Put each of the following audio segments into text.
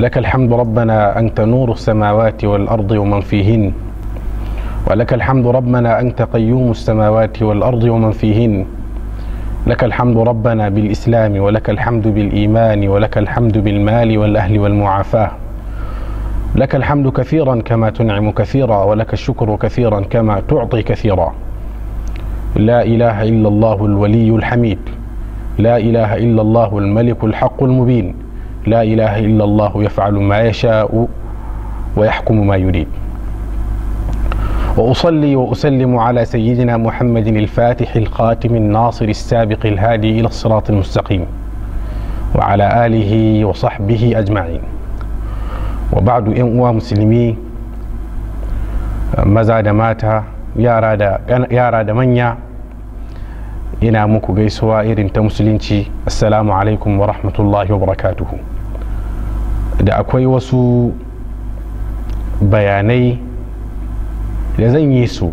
لك الحمد ربنا أنت نور السماوات والأرض ومن فيهن ولك الحمد ربنا أنت قيوم السماوات والأرض ومن فيهن لك الحمد ربنا بالإسلام ولك الحمد بالإيمان ولك الحمد بالمال والأهل والمعافاة لك الحمد كثيرا كما تنعم كثيرا ولك الشكر كثيرا كما تعطي كثيرا لا إله إلا الله الولي الحميد لا إله إلا الله الملك الحق المبين لا إله إلا الله يفعل ما يشاء ويحكم ما يريد وأصلي وأسلم على سيدنا محمد الفاتح الخاتم الناصر السابق الهادي إلى الصراط المستقيم وعلى آله وصحبه أجمعين وبعد إن أوا مسلمي مزاد ماتا يا راد يا دا منيا ina muku gaisuwa irin ta musulunci assalamu alaikum wa rahmatullahi wa barakatuhu da akwai wasu bayanai da zan yi su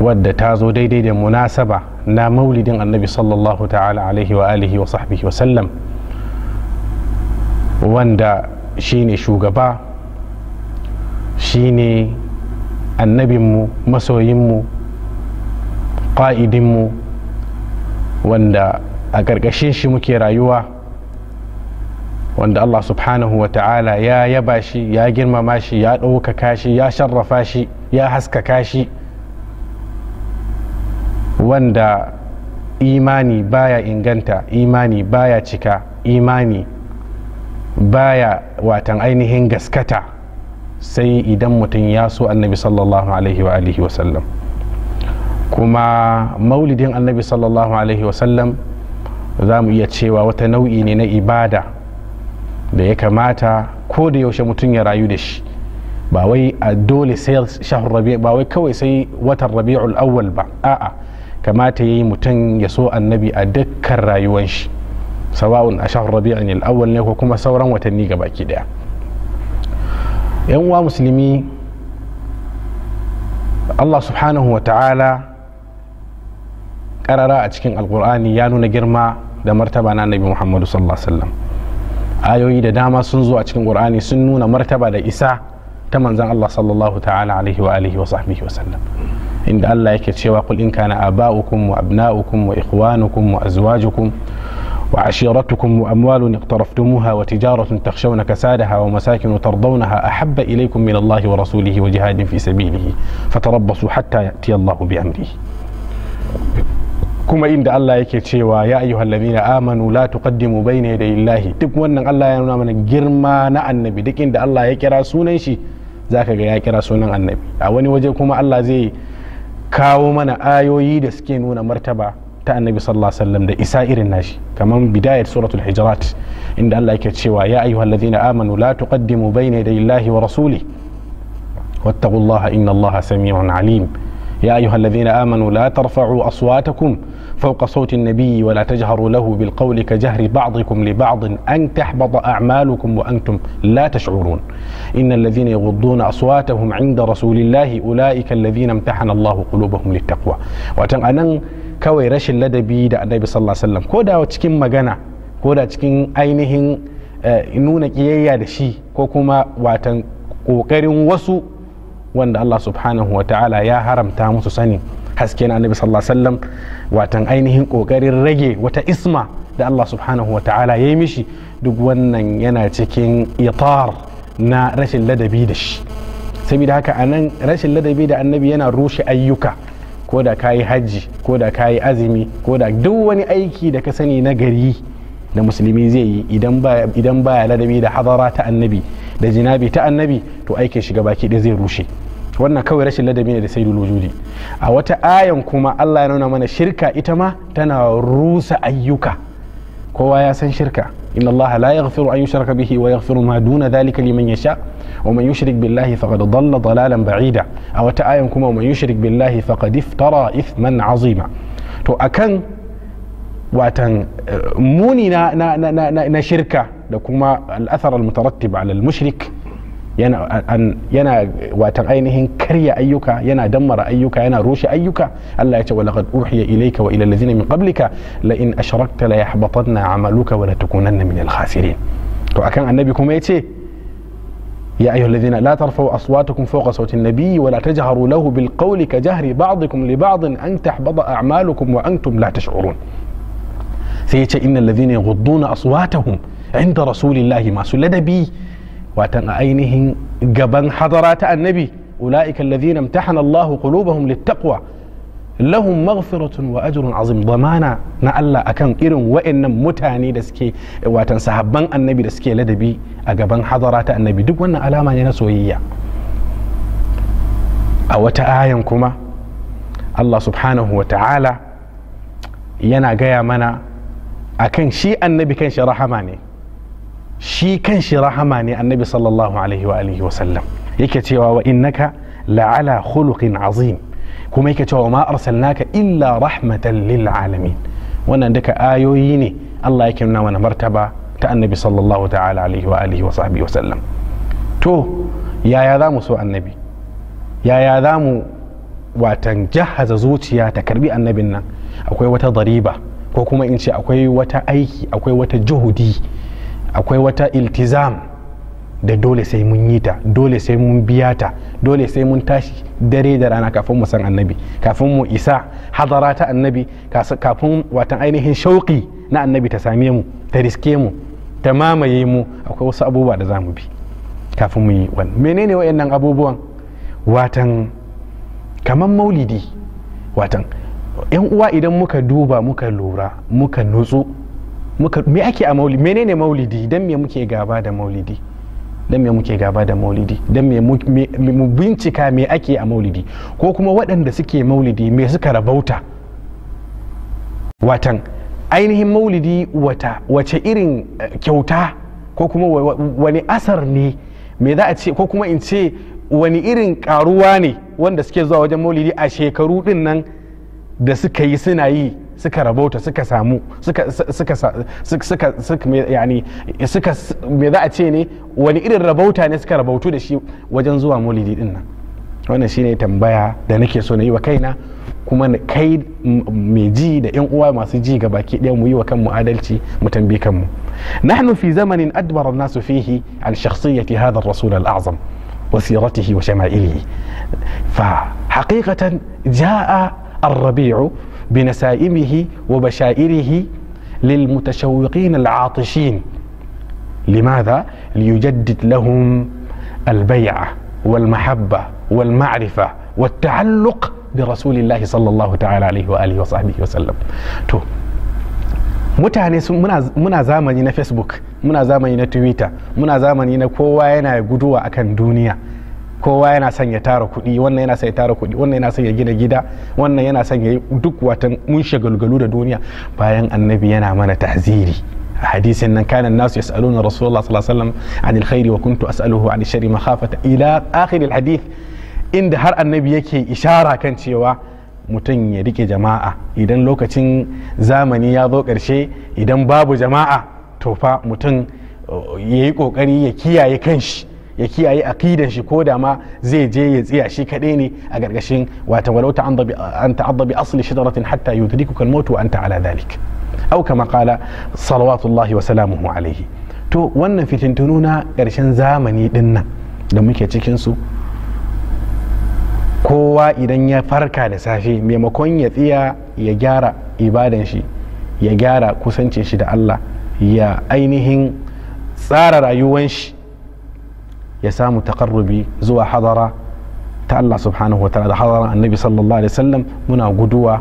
wadda ta zo daidai da munasaba na maulidin annabi sallallahu ta'ala alaihi wa alihi wa sahbihi wa sallam wanda shine shugaba shine annabinmu masoyinmu ƙa'idinmu wanda a ƙarƙashin shi muke rayuwa wanda Allah subhanahu wa ta'ala ya yaba shi ya girmama shi ya ɗaukaka shi ya sharrafa shi ya haskaka shi wanda imani baya inganta imani baya cika imani baya watan ainihin gaskata sai idan mutum ya so annabi sallallahu alaihi wa alihi wasallam kuma maulidin annabi sallallahu alaihi wasallam za mu iya cewa wata nau'i ne na ibada da ya kamata ko da yaushe mutum ya rayu da shi ba wai a dole sai shahar rabi ba wai kawai sai watan rabi'ul awwal ba a'a kamata yayi mutum ya so annabi a dukkan rayuwan shi sawa'un a shahar rabi'ul awwal ne ko kuma sauran watanni ga baki daya yan uwa musulmi Allah subhanahu wa ta'ala قرارا اتكين القرآن يانو نجرما ده مرتبة نان نبي محمد صلى الله عليه وسلم آيو يدا داما سنزو اتكين القرآن سنونا مرتبة ده إساء تمن زن الله صلى الله تعالى عليه وآله وصحبه وسلم إن الله يكتشي قل إن كان آباؤكم وأبناؤكم وإخوانكم وأزواجكم وعشيرتكم وأموال اقترفتموها وتجارة تخشون كسادها ومساكن ترضونها أحب إليكم من الله ورسوله وجهاد في سبيله فتربصوا حتى يأتي الله بأمره kuma inda Allah yake cewa ya ayyuhal ladina amanu la tuqaddimu bayna yaday illahi duk wannan Allah ya nuna mana girma na annabi duk inda Allah ya kira sunan shi zaka ga ya kira sunan annabi a wani waje kuma Allah zai kawo mana ayoyi da suke nuna martaba ta annabi sallallahu alaihi wasallam da isa irin nashi kamar bidayar suratul hijrat inda Allah yake cewa ya ayyuhal ladina amanu la tuqaddimu bayna yaday illahi wa rasuli wattaqullaha innallaha allaha samiun alim يا أيها الذين آمنوا لا ترفعوا أصواتكم فوق صوت النبي ولا تجهروا له بالقول كجهر بعضكم لبعض أن تحبط أعمالكم وأنتم لا تشعرون إن الذين يغضون أصواتهم عند رسول الله أولئك الذين امتحن الله قلوبهم للتقوى وتن أنن كوي رش لدبي دا النبي صلى الله عليه وسلم كودا وتشكين مغانا كودا تشكين أينهن nuna آه، kiyayya da كوكما وتن وكرين وسو wanda Allah subhanahu wa ta'ala ya haramta musu sani haske na annabi sallallahu alaihi wasallam watan ainihin kokarin rage wata isma da Allah subhanahu wa ta'ala ya yi mishi duk wannan yana cikin itar na rashin ladabi da shi saboda haka anan rashin ladabi da annabi yana rushe ayyuka ko da kayi haji hajji ko da kayi azumi ko da duk wani aiki da ka sani na gari da musulmi zai yi idan baya ladabi da hadara ta annabi da jinabi ta annabi to aikin shiga baki ɗaya zai rushe wannan kawai rashin ladabi ne da sai wujudi a wata ayan kuma Allah ya nuna mana shirka ita ma tana rusa ayyuka kowa ya san shirka inna Allah la yaghfiru an yushraka bihi wa yaghfiru ma duna dhalika liman yasha wa man yushrik billahi faqad dalalan dhalalan ba'ida a wata ayan kuma wa man yushrik billahi faqad iftara ithman azima to akan watan eh, muni na na shirka da kuma al-athar al-mutarattib mushrik yana watan ainihin karya ayyuka yana dammara ayyuka yana rushe ayyuka Allah ya ce wa laqad uhiya ilayka wa ila allazina min qablika la in ashrakta la yahbatanna amaluka wa la takunanna min al khasirin to akan annabi kuma yace يا أيها الذين لا ترفعوا أصواتكم فوق صوت النبي ولا تجهروا له بالقول كجهر بعضكم لبعض أن تحبط أعمالكم وأنتم لا تشعرون سيئة إن الذين يغضون أصواتهم عند رسول الله ما سلد بي واتن أينهم جبن حضرات النبي أولئك الذين امتحن الله قلوبهم للتقوى لهم مغفرة وأجر عظيم ضمانا نألا أكن إرن وإن متاني دسكي واتن سحبن النبي دسكي لدبي أجبن حضرات النبي دب وأن ألاما ينسوهي أو تآيانكما الله سبحانه وتعالى ينا جايا منا أكن شيء النبي كان شرح ماني shi kanshi rahama ne annabi sallallahu alaihi wa alihi wa sallam yake cewa wa innaka la'ala khuluqin azim kuma yake cewa ma arsalnaka illa rahmatan lil alamin wannan duka ayoyi ne Allah yake nuna mana martaba ta annabi sallallahu ta'ala alaihi wa alihi wa sahbihi wa sallam to yaya za mu so annabi yaya za mu watan jahaza zuciya ta karbi annabin nan akwai wata dariba ko kuma in ce akwai wata aiki akwai wata juhudi akwai wata iltizam da dole sai mun yi ta dole sai mun biya ta dole sai mun tashi dare da rana kafin mu san annabi kafin mu isa hadara ta annabi kafin watan ainihin shauƙi na annabi ta same mu ta riske mu ta mamaye mu akwai wasu abubuwa da za mu bi kafin mu yi wani menene wayannan abubuwan watan kamar maulidi watan yan uwa idan muka duba muka lura muka nutsu me ake a maulidi menene maulidi don me muke gaba da maulidi don me muke gaba da maulidi don me mu bincika me ake a maulidi ko kuma waɗanda suke maulidi me suka rabauta watan ainihin maulidi wata wace irin eh, kyauta ko kuma wani asar ne me za a ce ko kuma in ce wani irin karuwa ne wanda suke zuwa wajen maulidi a shekaru din nan da suka yi suna yi suka rabota suka samu suka suka suka suka suka yani suka me za a ce ne wani irin rabota ne suka rabautu da shi wajen zuwa maulidi din nan wannan shine tambaya da nake so na yi wa kaina kuma kai mai ji da yan uwa masu ji ga baki ɗaya mu yi wa kanmu adalci mu tambi kanmu nahnu fi zamanin adbara an-nasu fihi an shakhsiyati hadha ar-rasul al-a'zam وسيرته وشمائله فحقيقة جاء الربيع بنسائمه وبشائره للمتشوقين العاطشين لماذا؟ ليجدد لهم البيعة والمحبة والمعرفة والتعلق برسول الله صلى الله تعالى عليه وآله وصحبه وسلم تو mutane sun muna muna zamani na Facebook muna zamani na Twitter muna zamani kowa yana son ya tara kuɗi wannan yana son ya tara kuɗi wannan yana son ya gina gida wannan yana son ya yi duk watan mun shagalgalu da duniya bayan annabi yana mana ta'ziri hadisin nan كان nasu يسالون رسول الله صلى الله عليه وسلم عن الخير وكنت اساله عن الشر inda har annabi yake ishara kan cewa mutum ya rike jama'a idan lokacin zamani ya zo ƙarshe idan babu jama'a to fa mutum eh, ya yi ƙoƙari ya kiyaye kanshi ya kiyaye akidan shi ko da ma zai je ya tsiya shi kaɗai ne a gargashin wata walau an ta'adda bi asli shidaratin hatta yudrikuka al-maut wa anta ala dhalik aw kama qala salawatullahi wa salamuhu alayhi to wannan fitintunu na ƙarshen zamani din nan da muke cikin su kowa idan ya farka da safe maimakon ya tsiya ya gyara ibadan shi ya gyara kusancin shi da Allah ya ainihin tsara rayuwan shi ya samu takarrubi zuwa hadara ta Allah subhanahu wa ta'ala da hadaran annabi sallallahu alaihi wasallam muna guduwa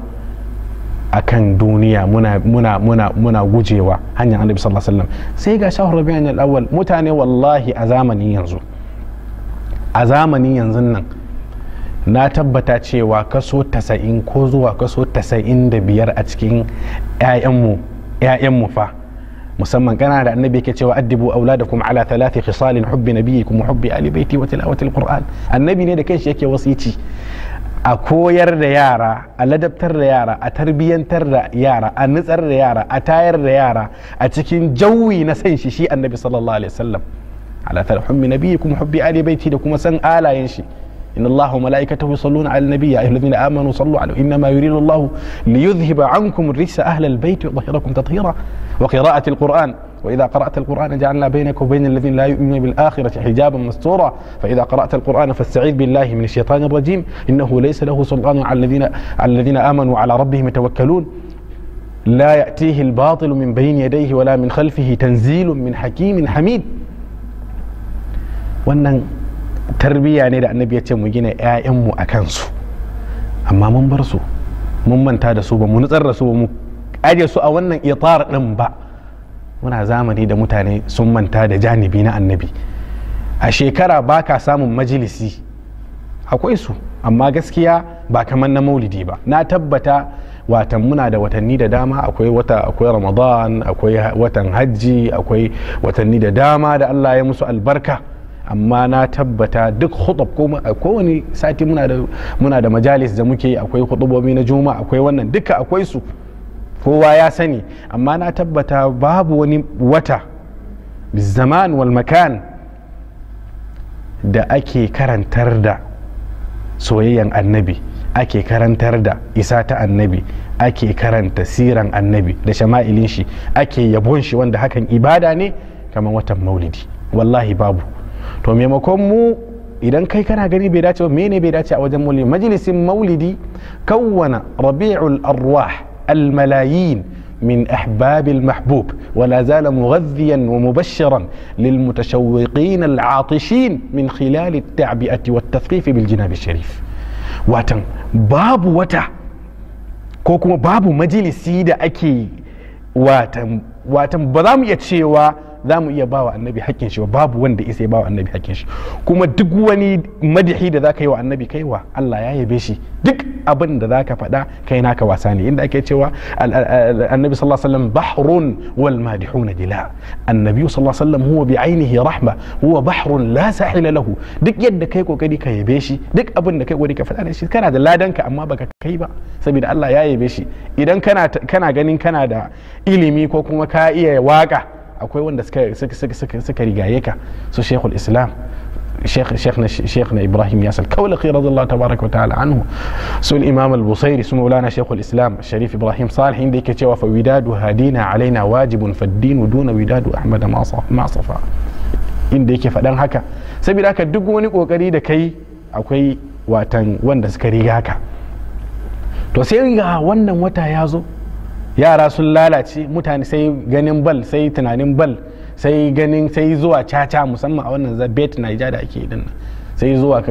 akan duniya muna muna muna muna gujewa hanyar annabi sallallahu alaihi wasallam sai ga shahar rabi'in al-awwal mutane wallahi a zamanin yanzu a zamanin yanzu nan na tabbata cewa kaso 90 ko zuwa kaso 95 a cikin 'ya'yanmu 'ya'yanmu fa musamman kana da annabi yake cewa addibu auladakum ala thalathi khisalin hubbi nabiyikum wa hubbi ali baiti wa tilawati alquran annabi ne da kanshi yake wasici a koyar da yara a ladabtar da yara a tarbiyyantar da yara a nutsar da yara a tayar da yara a cikin jawi na san shi shi annabi sallallahu alaihi wasallam ala thalathi hubbi nabiyikum hubbi ali baiti da kuma san alayen shi إن الله وملائكته يصلون على النبي يا أيها الذين آمنوا صلوا عليه إنما يريد الله ليذهب عنكم الرجس أهل البيت ويطهركم تطهيرا وقراءة القرآن وإذا قرأت القرآن جعلنا بينك وبين الذين لا يؤمنون بالآخرة حجابا مستورا فإذا قرأت القرآن فاستعيذ بالله من الشيطان الرجيم إنه ليس له سلطان على الذين على الذين آمنوا على ربهم يتوكلون لا يأتيه الباطل من بين يديه ولا من خلفه تنزيل من حكيم حميد وأن tarbiyya ne da annabi ya ce mu gina 'ya'yanmu a kansu amma mun bar su mun manta da su ba mu nutsar da su ba mu aje su a wannan itar din ba muna zamani da mutane sun manta da janibi na annabi a shekara ba ka samun majalisi akwai su amma gaskiya ba kamar na maulidi ba na tabbata watan muna da watanni da dama akwai wata akwai ramadan akwai watan hajji akwai watanni da dama da allah ya musu albarka amma na tabbata duk hudub kowane sati muna da majalis da muke akwai hudubobi na juma akwai wannan duka akwai su kowa ya sani amma na tabbata babu wani wata zaman wal makan da ake karantar da soyayyan annabi ake karantar da isa ta annabi ake karanta siran annabi da shama'ilin shi ake yabon shi wanda hakan ibada ne kamar watan maulidi wallahi babu to maimakon mu idan kai kana gani bai dace ba mene bai dace a wajen maulidi majalisin maulidi kawwana rabi'ul arwah al من احباب المحبوب ولا زال مغذيا ومبشرا للمتشوقين العاطشين من خلال التعبئه والتثقيف بالجناب الشريف. واتن باب وتا كوكو باب مجلسي دا اكي واتن واتن بضام يتشيوا za mu iya bawa annabi hakkin shi babu wanda isa ya bawa annabi hakkin shi kuma duk wani madihi da zaka yi wa annabi kaiwa Allah ya yabe shi duk abin da zaka faɗa kai naka wasa ne inda ake cewa annabi sallallahu alaihi wasallam bahrun wal madihuna dila annabi sallallahu alaihi wasallam huwa bi'ainihi rahma huwa bahrun la sahila lahu duk yadda kai kokari ka yabe shi duk abin da kai kokari ka faɗa da shi kana da ladanka amma baka kai ba saboda Allah ya yabe shi idan kana kana ganin kana da ilimi ko kuma ka iya waka akwai wanda suka rigaye ka su shekul islam shekh na ibrahim yasal kawai lakhi radiyallahu tabaraka wa ta'ala anhu su imam al-busairi su maulana shekul sharif ibrahim salih inda yake cewa fa widadu hadina na wajibun fa dinu duna widadu ahmad ma safa inda yake faɗan haka saboda haka duk wani kokari da kai akwai watan wanda suka riga ka to sai ga wannan wata ya zo yara sun lalace mutane sai ganin bal sai tunanin bal sai ganin sai zuwa caca musamman a wannan zabet naija da ake idan sai zuwa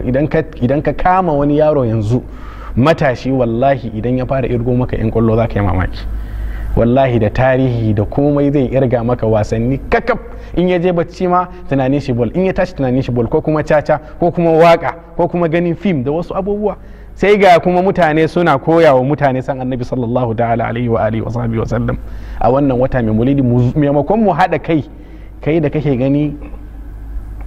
idan ka kama wani yaro yanzu matashi wallahi idan ya fara irgo maka yan kwallo za ka yi mamaki wallahi da tarihi da komai zai irga maka wasanni kakaf in ya je bacci ma tunanin shi bol in ya tashi tunanin shi bol ko kuma caca ko kuma waka ko kuma ganin fim da wasu abubuwa sai ga kuma mutane suna koya wa mutane san annabi sallallahu ta'ala alaihi wa alihi wa sahbihi wa sallam a wannan wata mai mulidi maimakon mu haɗa kai kai da kake gani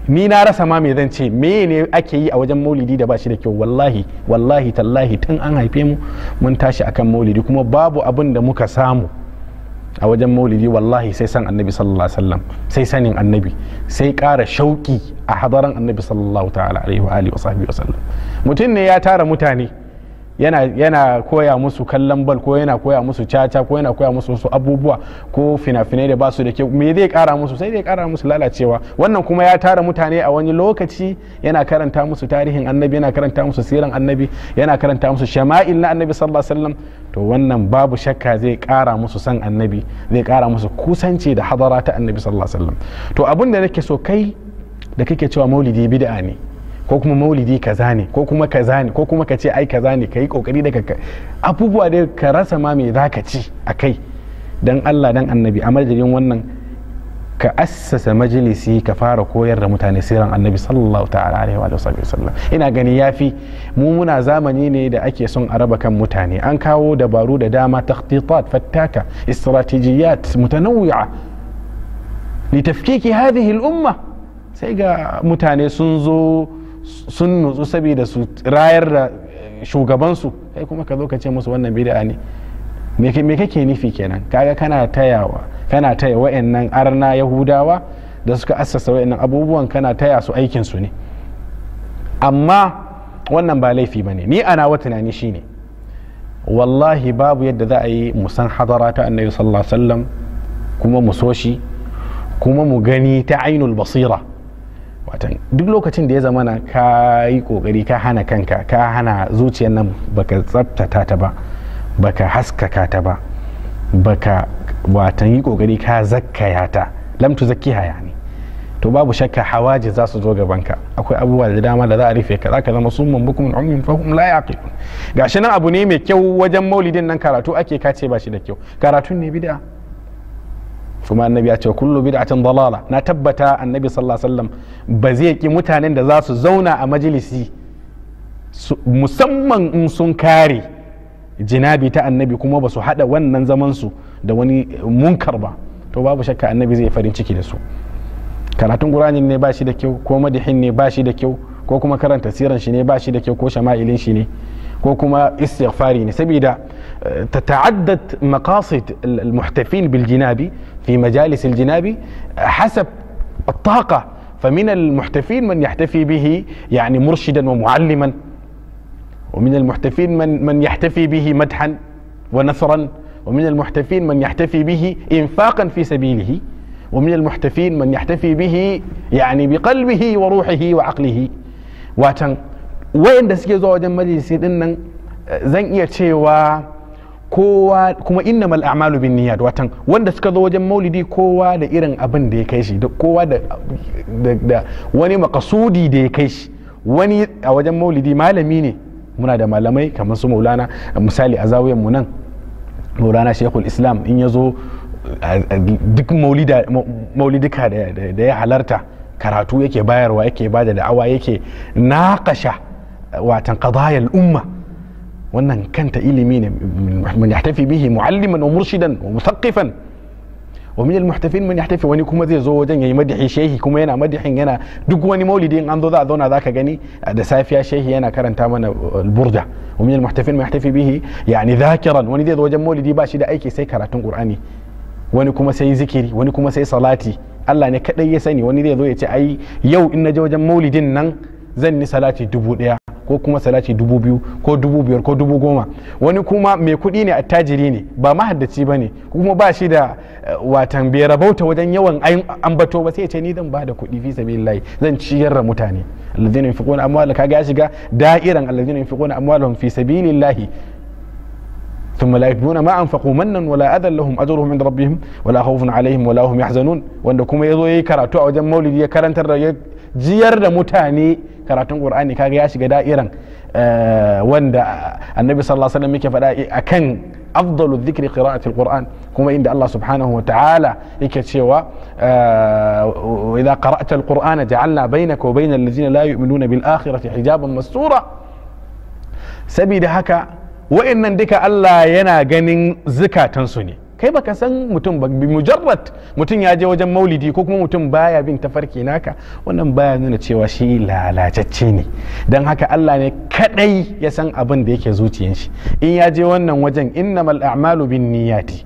ni na rasa ma me zan ce me ne ake yi a wajen maulidi da ba shi da kyau wallahi wallahi tallahi tun an haife mu mun tashi akan maulidi kuma babu abin da muka samu a wajen maulidi wallahi sai san annabi sallallahu alaihi wasallam sai sanin annabi sai ƙara shauƙi a hadaran annabi sallallahu ta'ala alaihi wa alihi wa wasallam mutum ne ya tara mutane yana yana koya musu kallon bal ko yana koya musu caca ko yana koya musu wasu abubuwa ko fina-finai da basu da kyau me zai kara musu sai zai kara musu lalacewa wannan kuma ya tara mutane a wani lokaci yana karanta musu tarihin annabi yana karanta musu siran annabi yana karanta musu shama'il na annabi sallallahu alaihi wasallam to wannan babu shakka zai kara musu san annabi zai kara musu kusanci da hadara ta annabi sallallahu alaihi wasallam to abin da nake so kai da kake cewa maulidi bid'a ne ko kuma maulidi kaza ne ko kuma kaza ne ko kuma kace ai kaza ne kai kokari da ka abubuwa da ka rasa ma me zaka ci a kai. dan Allah dan annabi a madadin wannan كأسس مجلسي كفار كوير متاني سيران النبي صلى الله تعالى عليه وآله وصحبه وسلم إنا غني يافي مومنا زامنيني دا أكي سن عربا كم متاني أنكاو دبارو دا داما تخطيطات فتاكة استراتيجيات متنوعة لتفكيك هذه الأمة سيقى متاني سنزو سنو سبيدا سو راير شوغبانسو هيكو ما كذوكا تيموس وانا بيراني me kake nufi kenan kaga kana tayawa kana taya wa'annan arna yahudawa da suka assasa wa'annan abubuwan kana taya su aikin su ne amma wannan ba laifi ba ne ni ana wa tunani shine wallahi babu yadda za a yi mu san hadara ta annabi sallallahu alaihi wasallam kuma mu so shi kuma mu gani ta ainul basira watan duk lokacin da ya zama na ka yi kokari ka hana kanka ka hana zuciyar nan baka tsabtata ta ba baka haskaka ta ba baka watan yi kokari ka zakkaya ta lam tu zakkiha yani to babu shakka hawaji za su zo gabanka akwai abubuwa da dama da za a rufe ka za ka zama summan bukum ummin fahum la yaqilun gashi nan abu ne mai kyau wajen maulidin nan karatu ake ka ce ba shi da kyau karatun ne bid'a kuma annabi ya ce kullu bid'atin dalala na tabbata annabi sallallahu alaihi wasallam ba zai ki mutanen da za su zauna a majalisi musamman in sun kare jinabi ta annabi kuma ba su haɗa wannan zamansu da wani munkar ba to babu shakka annabi zai farin ciki da su karatun qur'anin ne ba shi da kyau ko madihin ne ba shi da kyau ko kuma karanta siran shi ne ba shi da kyau ko shama'ilin shi ne ko kuma istighfari ne saboda tata'addat maqasid al-muhtafin bil jinabi fi majalis al-jinabi hasab الطاقة فمن المحتفين من يحتفي به يعني مرشدا ومعلما ومن المحتفين من من يحتفي به مدحا ونثرا ومن المحتفين من يحتفي به انفاقا في سبيله ومن المحتفين من يحتفي به يعني بقلبه وروحه وعقله واتن وين ده سكي زوجة مجلس إنن زن يتشوى كوا كما إنما الأعمال بالنيات واتن وين ده سكي زوجة مولدي كوا ده إيرن أبن ده كيش ده كوا ده ده ده وني مقصودي ده كيش وني أوجة مولدي ما لميني muna da malamai kamar su maulana misali a zawiyan mu nan maulana shekul islam in ya zo duk maulidika da ya halarta karatu yake bayarwa yake bada da da'awa yake naqasha watan qadayal umma wannan kanta ilimi ne mun yahtafi bihi mualliman wa murshidan wa muthaqqifan wa min almuhtafin man yahtafi wani kuma zai zo wajen yayi madihi shehi kuma yana madihin yana duk wani maulidi in an zo za a zauna zaka gani da safiya shehi yana karanta mana burda wa min almuhtafin man yahtafi bihi yani dhakiran wani zai zo wajen maulidi ba shi da aiki sai karatun qur'ani wani kuma sai zikiri wani kuma sai salati Allah ne kadai ya sani wani zai zo ya ce ai yau in na je wajen maulidin nan zan yi salati dubu daya ko kuma salati dubu biyu ko dubu biyar ko dubu goma wani kuma mai kuɗi ne attajiri ne ba mahaddaci ba ne kuma ba shi da eh, watan bai rabauta wajen yawan ambato ba sai ya ce ni zan ba da kuɗi fi sabilillahi zan ciyar da mutane alladhina yunfiquna amwalahum kaga ya shiga da'iran alladhina yunfiquna amwalahum fi sabilillahi ثم لا يجدون ما انفقوا منا ولا اذى لهم اجرهم عند ربهم ولا خوف عليهم ولا هم يحزنون wanda kuma yazo yayi karatu a wajen maulidi ya karantar da jiyar da mutane karatun qur'ani kaga ya shiga da'iran eh, wanda annabi sallallahu alaihi yake faɗa akan afdalu dhikri qira'ati alquran kuma inda Allah subhanahu wa ta'ala yake cewa eh, idza qara'ta alqur'ana ja'alna bainaka wa bainal ladzina la yu'minuna bil akhirati hijaban mastura sabida haka wa'annan duka Allah yana ganin zukatansu ne kai baka san mutum ba mujarrad mutum ya je wajen maulidi ko kuma mutum baya bin tafarki naka wannan baya nuna cewa shi lalacacce ne dan haka Allah ne kadai ya san abin da yake zuciyar shi in ya je wannan wajen innamal a'malu bin niyyati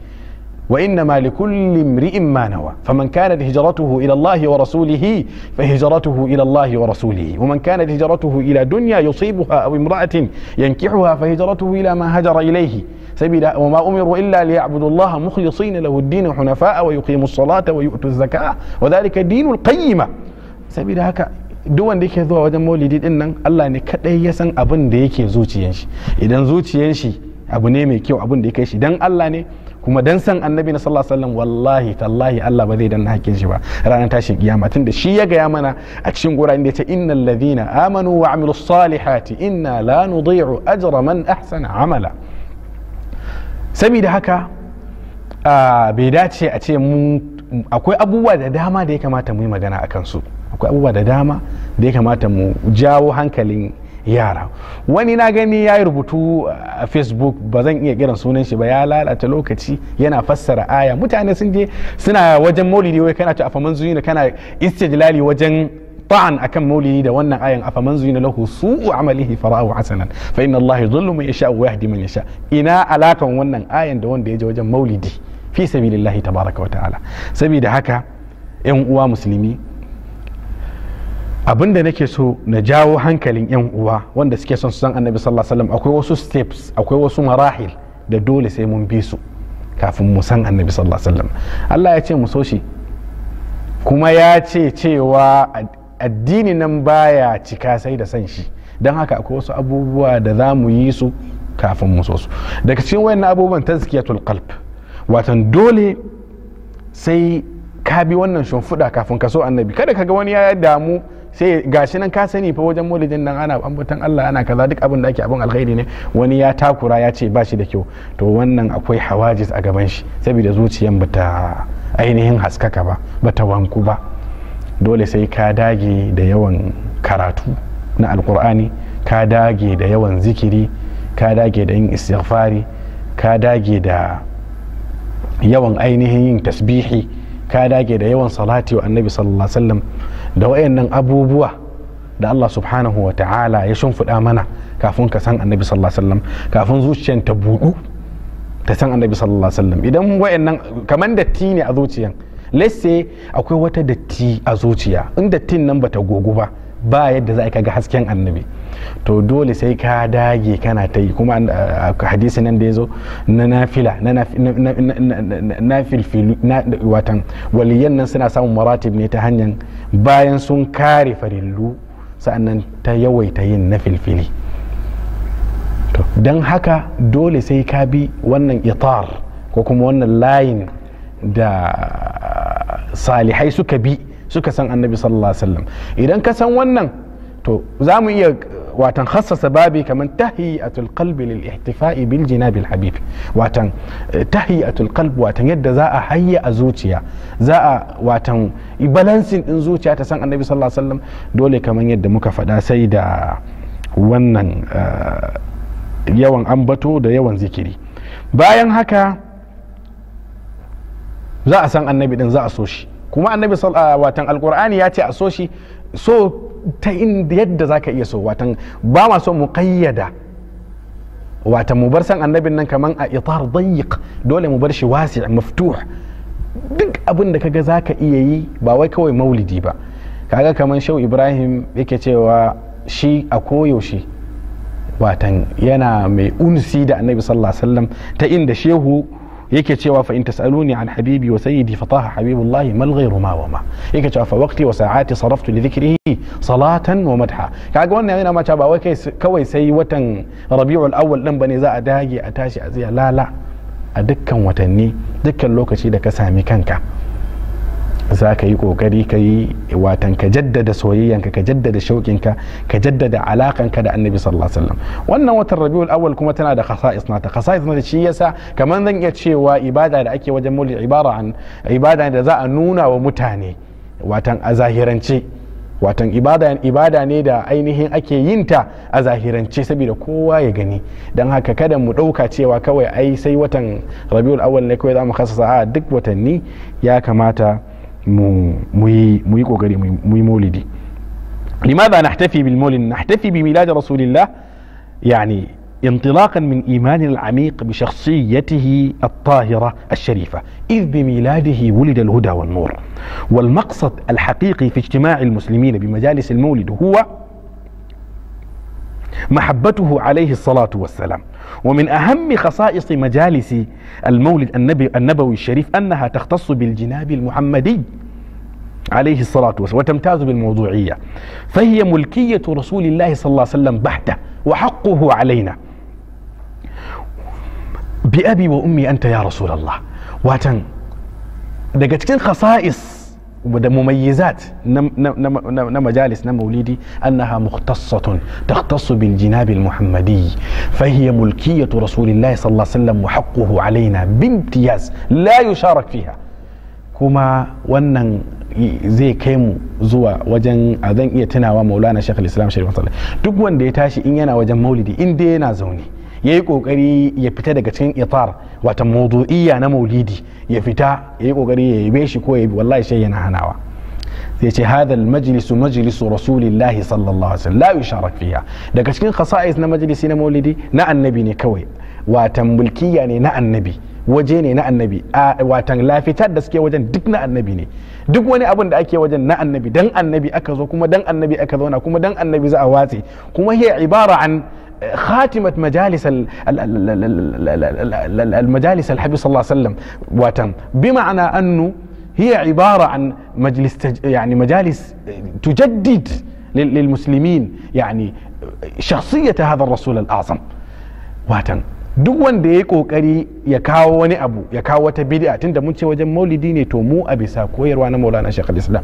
wa innama likulli imri'in ma nawa faman kanat hijratuhu ila Allah wa rasulih fa hijratuhu ila Allah wa rasulih wa man kanat hijratuhu ila dunya yusibuha aw imra'atin yankihuha fa hijratuhu ila ma hajara ilayhi sabida wa ma umiru illa li ya'budu Allah mukhlisina lahu ad-din hunafa'a wa yuqimu as-salata wa yu'tu az-zakata wa dhalika qayyima sabida haka duk wanda yake zuwa wajen maulidi din nan Allah ne kadai ya san abin da yake zuciyan shi idan zuciyar shi abu ne mai kyau abin da ya kai shi dan Allah ne kuma dan san annabi na sallallahu alaihi wasallam wallahi tallahi Allah ba zai danna hakkin shi ba ranar tashin kiyama tunda shi ya gaya mana a cikin gurani da ya ce innal amanu wa amilus salihati inna la nudi'u ajra man ahsana amala saboda haka bai dace a ce akwai abubuwa da dama da ya kamata mu yi magana a kansu akwai abubuwa da dama da ya kamata mu jawo hankalin yara wani na gani ya yi rubutu a facebook ba zan iya kiran sunan shi ba ya lalata lokaci yana fassara aya mutane sun je suna wajen maulidi wai kana ta afaman zuni kana istijlali wajen ta'an akan maulidi da wannan ayan afa man lahu su'u amalihi fara'u hasanan fa inna Allah yadhillu man yasha wa yahdi man ina alakan wannan ayan da wanda ya je wajen maulidi fi sabilillahi tabaraka wa ta'ala saboda haka yan uwa musulmi abin da nake so na jawo hankalin yan uwa wanda suke son su san annabi sallallahu alaihi wasallam akwai wasu steps akwai wasu marahil da dole sai mun bi su kafin mu san annabi sallallahu alaihi wasallam Allah ya ce mu so kuma ya ce cewa addini nan baya cika sai da san shi don haka akwai wasu abubuwa da za mu yi su kafin mu so su daga cikin wayan abubuwan tazkiyatul qalb watan dole sai ka bi wannan shimfiɗa kafin ka so annabi kada ka ga wani ya damu sai gashi nan ka sani fa wajen maulidin nan ana ambatan Allah ana kaza duk abin da ake abin alkhairi ne wani ya takura ya ce bashi da kyau to wannan akwai hawajis a gaban shi saboda zuciyan bata ainihin haskaka ba bata wanku ba dole sai ka dage da yawan karatu na alkur'ani ka dage da yawan zikiri ka dage da yin istighfari ka dage da yawan ainihin yin tasbihi ka dage da yawan salati wa annabi sallallahu alaihi wasallam da wayannan abubuwa da Allah subhanahu wa ta'ala ya shimfiɗa mana kafin ka san annabi sallallahu alaihi wasallam kafin zuciyan ta budu ta san annabi sallallahu alaihi wasallam idan wayannan kamar datti ne a zuciyan let's say akwai wata datti a zuciya in dattin nan bata gogu ba ba yadda za ka ga hasken annabi to dole sai ka dage kana ta yi kuma uh, hadisi nan da ya zo na nafila na watan waliyan nan suna samun maratib ne ta hanyar bayan sun kare farillu sa'annan ta yawaita yin na filfili don haka dole sai ka bi wannan itar ko kuma wannan layin da salihai suka bi suka san annabi sallallahu alaihi wasallam idan ka san wannan to za mu iya watan hassasa babi kamar tahiyatul qalbi lil ihtifa'i bil jinabil habib watan eh, tahiyatul qalbi watan yadda za a hayya a zuciya za a watan balansin din zuciya ta san annabi sallallahu alaihi wasallam dole kamar yadda muka faɗa sai da wannan eh, yawan ambato da yawan zikiri bayan haka za a san annabi din za a so shi kuma annabi watan alkur'ani ya ce a so shi so ta inda yadda za ka iya so watan ba ma so mu kayyada watan mu bar san annabin nan kaman a itar dayyik dole mu bar shi wasi maftuh duk abin da kaga za ka iya yi ba wai kawai maulidi ba kaga kaman shau ibrahim yake cewa shi a koyaushe watan yana mai unsi da annabi sallallahu alaihi wasallam ta inda shehu yake cewa fa in tasaluni an habibi wa sayyidi fa taha habibullahi mal ghayru ma wa ma yake cewa fa waqti wa sa'ati saraftu li dhikrihi salatan wa madha kaga wannan yana ma ba wai kawai sai watan rabiul awwal din bane za a dage a tashi a tsaya lala a dukkan watanni dukkan lokaci da ka sami kanka za ka yi kokari ka yi watan ka jaddada soyayyanka ka jaddada shauƙinka ka jaddada alakanka da annabi sallallahu alaihi wasallam wannan watan rabiul awwal kuma tana da khasa'is nata khasa'is nata shi yasa kamar zan iya cewa ibada da ake wajen mulki ibara an ibada da za a nuna wa mutane watan a zahirance watan ibada ibada ne da ainihin ake yin ta a zahirance saboda kowa ya gani don haka kada mu ɗauka cewa kawai ai sai watan rabiul awwal ne kawai za mu khasasa a duk watanni ya kamata مو مو مو mu لماذا نحتفي بالمولد نحتفي بميلاد رسول الله يعني انطلاقا من إيماننا العميق بشخصيته الطاهرة الشريفة إذ بميلاده ولد الهدى والنور والمقصد الحقيقي في اجتماع المسلمين بمجالس المولد هو محبته عليه الصلاة والسلام ومن أهم خصائص مجالس المولد النبي النبوي الشريف أنها تختص بالجناب المحمدي عليه الصلاة والسلام وتمتاز بالموضوعية فهي ملكية رسول الله صلى الله عليه وسلم بحتة وحقه علينا بأبي وأمي أنت يا رسول الله واتن دقتكين خصائص وده مميزات نم نم نم نم مجالس نم مولدي أنها مختصة تختص بالجناب المحمدي فهي ملكية رسول الله صلى الله عليه وسلم وحقه علينا بامتياز لا يشارك فيها كما ونن زي كيمو زوا وجن أذن يتنا ومولانا شيخ الإسلام شريف صلى الله دقوان ديتاشي إن ينا وجن مولدي إن دينا زوني ya yi kokari ya fita daga cikin itar wata mawdu'iyya na maulidi ya fita ya yi kokari ya yi shi ko ya wallahi shi yana hanawa sai ce hadal majlisu majlisu rasulillahi sallallahu alaihi wasallam la yusharak fiha daga cikin khasa'is na majlisi na maulidi na annabi ne kawai watan mulkiya ne na annabi waje ne na annabi watan lafitar da suke wajen duk na annabi ne duk wani abin da ake wajen na annabi dan annabi aka zo kuma dan annabi aka zauna kuma dan annabi za a watse kuma hiya ibara an خاتمة مجالس المجالس الحبيب صلى الله عليه وسلم وتم بمعنى أنه هي عبارة عن مجلس يعني مجالس تجدد للمسلمين يعني شخصية هذا الرسول الأعظم وتم duk wanda ya yi kokari ya kawo wani abu ya kawo wata bid'a tunda mun ce wajen maulidi ne to mu a bisa koyarwa na maulana shekh al-islam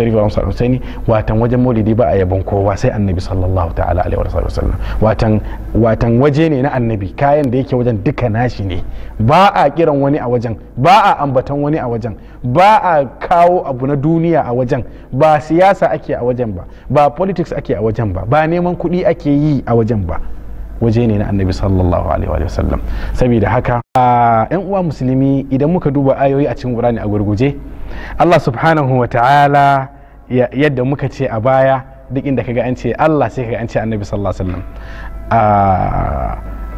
al wa al husaini watan wajen maulidi ba a yabon kowa sai annabi sallallahu ta'ala alaihi wa sallam watan watan waje ne na annabi kayan da yake wajen duka nashi ne ba a kiran wani a wajen ba a ambaton wani a wajen ba a kawo abu na duniya a wajen ba siyasa ake a wajen ba ba politics ake a wajen ba ba neman kuɗi ake yi a wajen ba waje ne na annabi sallallahu alaihi wasallam saboda haka yan uwa musulmi idan muka duba ayoyi a cikin qur'ani a gurguje Allah subhanahu wa ta'ala yadda muka ce a baya duk inda kaga an ce Allah sai kaga an ce annabi sallallahu alaihi wasallam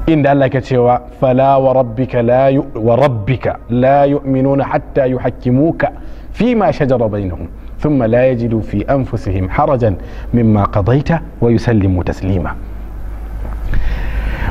inda Allah ke cewa fala wa rabbika la wa rabbika la yu'minuna hatta yuhakkimuka fima shajara bainahum thumma la yajidu fi anfusihim harajan mimma qadaita wa yusallimu taslima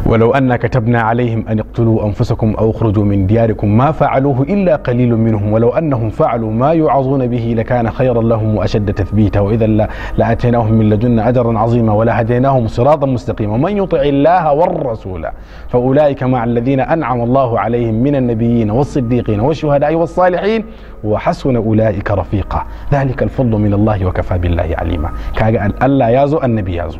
ولو أن كتبنا عليهم أن اقتلوا أنفسكم أو اخرجوا من دياركم ما فعلوه إلا قليل منهم ولو أنهم فعلوا ما يعظون به لكان خيرا لهم وأشد تثبيتا وإذا لآتيناهم من لدنا أجرا عظيما ولهديناهم صراطا مستقيما ومن يطع الله والرسول فأولئك مع الذين أنعم الله عليهم من النبيين والصديقين والشهداء والصالحين وحسن أولئك رفيقا ذلك الفضل من الله وكفى بالله عليما كأن الله يازو النبي يازو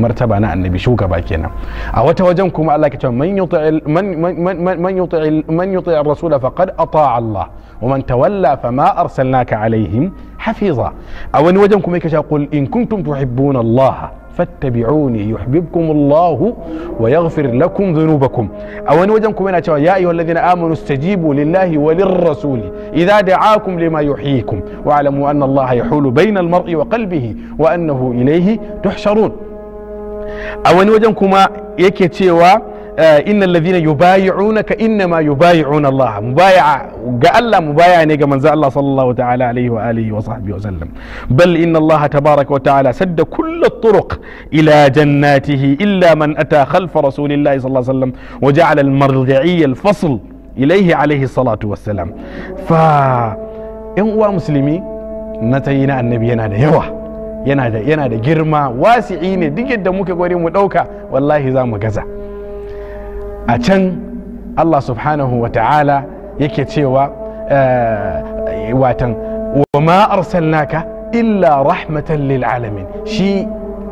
مرتبة أنا النبي شوكة كباكينا أو وجمكم على كتب من يطع من من من من يطع من يطع الرسول فقد أطاع الله ومن تولى فما أرسلناك عليهم حفيظا أو أن وجمكم يقول إن كنتم تحبون الله فاتبعوني يحببكم الله ويغفر لكم ذنوبكم أو أن وجمكم أنا يا أيها الذين آمنوا استجيبوا لله وللرسول إذا دعاكم لما يحييكم واعلموا أن الله يحول بين المرء وقلبه وأنه إليه تحشرون a wani wajen kuma yake cewa inna alladhina yubayi'unaka inna ma yubayi'una Allah mubaya'a ga Allah mubaya ne ga manzo Allah sallallahu ta'ala alaihi wa alihi wa sahbihi wa sallam bal inna Allah tabaaraka wa ta'ala sadda kull at-turuq ila jannatihi الطرق إلى جناته إلا من أتى خلف wa الله صلى الله al وسلم وجعل المرجعي الفصل إليه عليه الصلاة والسلام ف إن مسلمي نتينا النبي ينا da yawa yana da girma wasi'i ne duk yadda muka gwari mu ɗauka wallahi za mu gaza a can Allah subhanahu wa ta'ala yake cewa eh, watan wa ma arsalnaka illa rahmatan lil alamin shi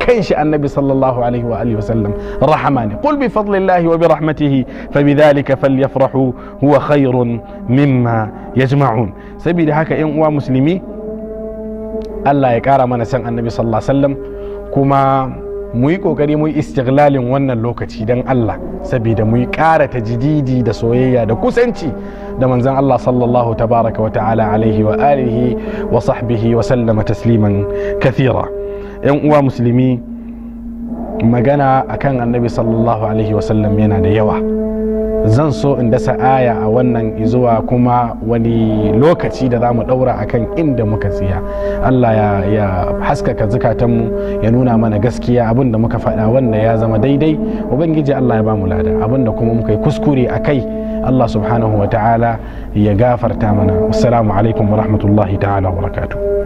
kanshi annabi sallallahu alaihi wa alihi wasallam rahama ne qul bi fadlillahi wa bi rahmatihi fa bidhalika falyafrahu huwa khairun mimma yajma'un saboda haka yan uwa musulmi Allah ya kara mana san annabi sallallahu alaihi kuma mu yi kokari mu yi istighlalin wannan lokaci don Allah saboda mu yi ta jididi da soyayya da kusanci da manzon Allah sallallahu tabaraka wa ta'ala alaihi wa alihi wa sahbihi wa sallama tasliman kathira yan uwa musulmi magana akan annabi sallallahu alaihi wa sallam yana da yawa zan so in dasa aya a wannan izuwa kuma wani lokaci da za mu daura kan inda muka tsiya Allah ya, ya haskaka zukatanmu ya nuna mana gaskiya abin da muka faɗa wanda ya zama daidai ubangiji Allah ya ba mu lada abin da kuma muka yi kuskure a kai Allah subhanahu wa ta'ala ya gafarta mana assalamu alaikum wa rahmatullahi ta'ala wa barakatuh